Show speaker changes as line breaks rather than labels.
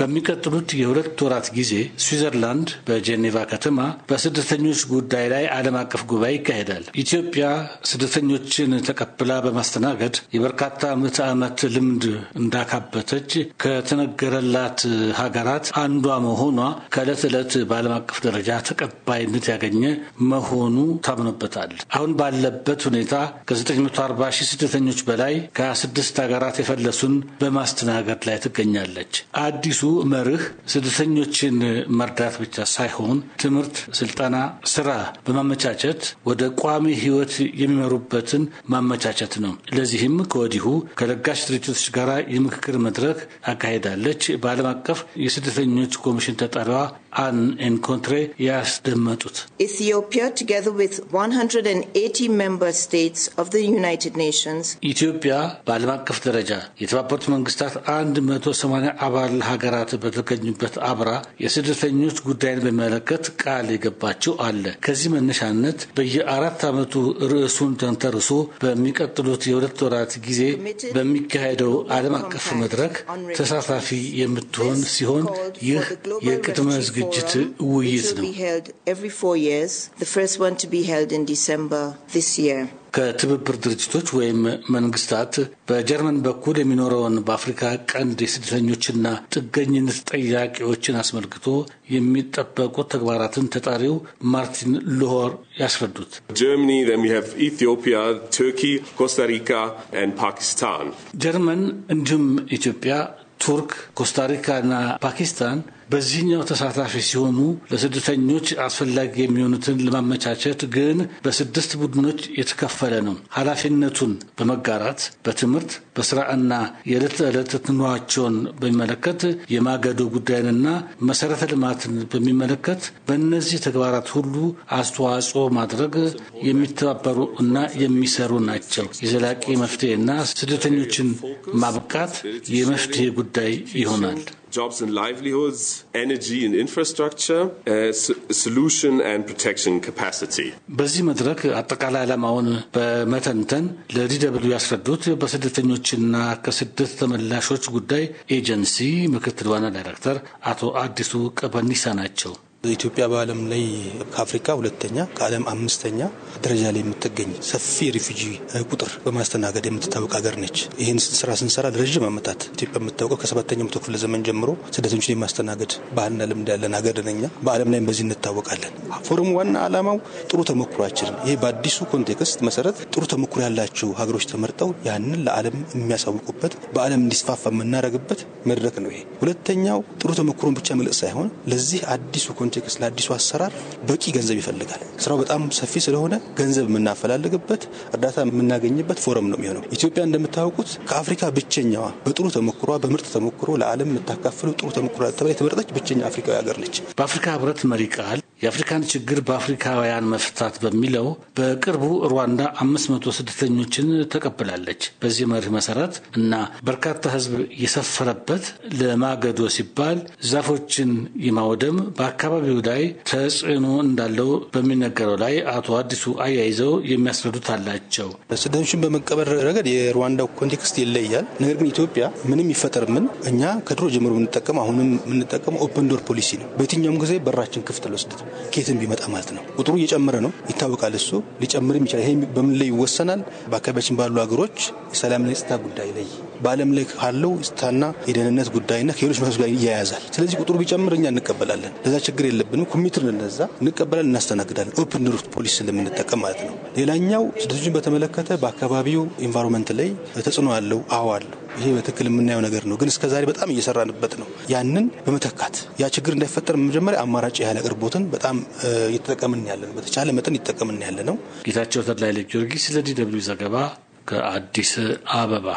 በሚቀጥሉት የሁለት ወራት ጊዜ ስዊዘርላንድ በጄኔቫ ከተማ በስደተኞች ጉዳይ ላይ ዓለም አቀፍ ጉባኤ ይካሄዳል። ኢትዮጵያ ስደተኞችን ተቀብላ በማስተናገድ የበርካታ ምዕተ ዓመት ልምድ እንዳካበተች ከተነገረላት ሀገራት አንዷ መሆኗ ከዕለት ዕለት በዓለም አቀፍ ደረጃ ተቀባይነት ያገኘ መሆኑ ታምኖበታል። አሁን ባለበት ሁኔታ ከ940 ሺህ ስደተኞች በላይ ከ26 ሀገራት የፈለሱን በማስተናገድ ላይ ትገኛለች። አዲሱ መርህ ስደተኞችን መርዳት ብቻ ሳይሆን ትምህርት፣ ስልጠና፣ ስራ በማመቻቸት ወደ ቋሚ ህይወት የሚመሩበትን ማመቻቸት ነው። ለዚህም ከወዲሁ ከለጋሽ ድርጅቶች ጋር የምክክር መድረክ አካሄዳለች። በዓለም አቀፍ የስደተኞች ኮሚሽን ተጠሪዋ አን ኤንኮንትሬ ያስደመጡት ኢትዮጵያ together with 180 member ኢትዮጵያ በዓለም አቀፍ ደረጃ የተባበሩት መንግስታት 180 አባል ሀገራት ሀገራት በተገኙበት አብራ የስደተኞች ጉዳይን በሚመለከት ቃል የገባቸው አለ። ከዚህ መነሻነት በየአራት ዓመቱ ርዕሱን ተንተርሶ በሚቀጥሉት የሁለት ወራት ጊዜ በሚካሄደው ዓለም አቀፍ መድረክ ተሳታፊ የምትሆን ሲሆን ይህ የቅድመ ዝግጅት ውይይት ነው። ከትብብር ድርጅቶች ወይም መንግስታት በጀርመን በኩል የሚኖረውን በአፍሪካ ቀንድ የስደተኞችና ጥገኝነት ጠያቂዎችን አስመልክቶ የሚጠበቁ ተግባራትን ተጣሪው ማርቲን ሉሆር ያስረዱት ጀርመን እንዲሁም ኢትዮጵያ፣ ቱርክ፣ ኮስታሪካና ፓኪስታን በዚህኛው ተሳታፊ ሲሆኑ ለስደተኞች አስፈላጊ የሚሆኑትን ለማመቻቸት ግን በስድስት ቡድኖች የተከፈለ ነው። ኃላፊነቱን በመጋራት በትምህርት በስራና የዕለት ተዕለት ኑሯቸውን በሚመለከት የማገዶ ጉዳይንና መሰረተ ልማትን በሚመለከት በእነዚህ ተግባራት ሁሉ አስተዋጽኦ ማድረግ የሚተባበሩ እና የሚሰሩ ናቸው። የዘላቂ መፍትሄና ስደተኞችን ማብቃት የመፍትሄ ጉዳይ ይሆናል። jobs and livelihoods, energy and infrastructure, uh, solution and protection capacity. በዚህ መድረክ አጠቃላይ ዓላማውን በመተንተን ለዲደብሊው ያስረዱት በስደተኞችና ከስደት ተመላሾች ጉዳይ ኤጀንሲ ምክትል ዋና ዳይሬክተር አቶ አዲሱ ቀበኒሳ ናቸው።
ኢትዮጵያ በዓለም ላይ ከአፍሪካ ሁለተኛ ከዓለም አምስተኛ ደረጃ ላይ የምትገኝ ሰፊ ሪፊጂ ቁጥር በማስተናገድ የምትታወቅ ሀገር ነች። ይህን ስራ ስንሰራ ለረዥም ዓመታት ኢትዮጵያ የምታወቀው ከሰባተኛው መቶ ክፍለ ዘመን ጀምሮ ስደተኞችን የማስተናገድ ባህልና ልምድ ያለን ሀገር ነኛ። በዓለም ላይም በዚህ እንታወቃለን። ፎረሙ ዋና ዓላማው ጥሩ ተሞክሯችንን ይህ በአዲሱ ኮንቴክስት መሰረት ጥሩ ተሞክሮ ያላቸው ሀገሮች ተመርጠው ያንን ለዓለም የሚያሳውቁበት በዓለም እንዲስፋፋ የምናደርግበት መድረክ ነው። ይሄ ሁለተኛው ጥሩ ተሞክሮን ብቻ መልእክት ሳይሆን ለዚህ አዲሱ ፕሮጀክት ስለ አዲሱ አሰራር በቂ ገንዘብ ይፈልጋል። ስራው በጣም ሰፊ ስለሆነ ገንዘብ የምናፈላልግበት እርዳታ የምናገኝበት ፎረም ነው የሚሆነው። ኢትዮጵያ እንደምታውቁት ከአፍሪካ ብቸኛዋ በጥሩ ተሞክሯ በምርጥ ተሞክሮ ለዓለም የምታካፍለው ጥሩ
ተሞክሮ ተብላ የተመረጠች ብቸኛ አፍሪካዊ ሀገር ነች። በአፍሪካ ህብረት መሪ ቃል የአፍሪካን ችግር በአፍሪካውያን መፍታት በሚለው በቅርቡ ሩዋንዳ አምስት መቶ ስደተኞችን ተቀብላለች። በዚህ መርህ መሰረት እና በርካታ ሕዝብ የሰፈረበት ለማገዶ ሲባል ዛፎችን የማውደም በአካባቢው ላይ ተጽዕኖ እንዳለው በሚነገረው ላይ አቶ አዲሱ አያይዘው የሚያስረዱት አላቸው። ስደተኞችን በመቀበል ረገድ
የሩዋንዳው ኮንቴክስት ይለያል። ነገር ግን ኢትዮጵያ ምንም ይፈጠር ምን እኛ ከድሮ ጀምሮ የምንጠቀም አሁንም የምንጠቀመው ኦፕን ዶር ፖሊሲ ነው። በየትኛውም ጊዜ በራችን ክፍት ለስደት ኬትን ቢመጣ ማለት ነው። ቁጥሩ እየጨመረ ነው ይታወቃል። እሱ ሊጨምርም ይችላል። ይሄ በምን ላይ ይወሰናል? በአካባቢያችን ባሉ ሀገሮች የሰላምና የጸጥታ ጉዳይ ላይ በዓለም ላይ ካለው ስታና የደህንነት ጉዳይና ከሌሎች መስ ጋር ይያያዛል። ስለዚህ ቁጥሩ ቢጨምር እኛ እንቀበላለን። ለዛ ችግር የለብንም። ኮሚትር ነዛ እንቀበላለን፣ እናስተናግዳለን። ኦፕን ሩት ፖሊሲ ስለምንጠቀም ማለት ነው። ሌላኛው ስደተኞችን በተመለከተ በአካባቢው ኢንቫይሮንመንት ላይ ተጽዕኖ አለው። አዎ አለው። ይሄ በትክክል የምናየው ነገር ነው፣ ግን እስከ ዛሬ በጣም እየሰራንበት ነው። ያንን በመተካት ያ ችግር እንዳይፈጠር መጀመሪያ አማራጭ የኃይል አቅርቦትን በጣም እየተጠቀምን ያለ ነው።
በተቻለ መጠን እየተጠቀምን ያለ ነው። ጌታቸው ተድላ ኃይለ ጊዮርጊስ ለዲ ደብልዩ ዘገባ ከአዲስ አበባ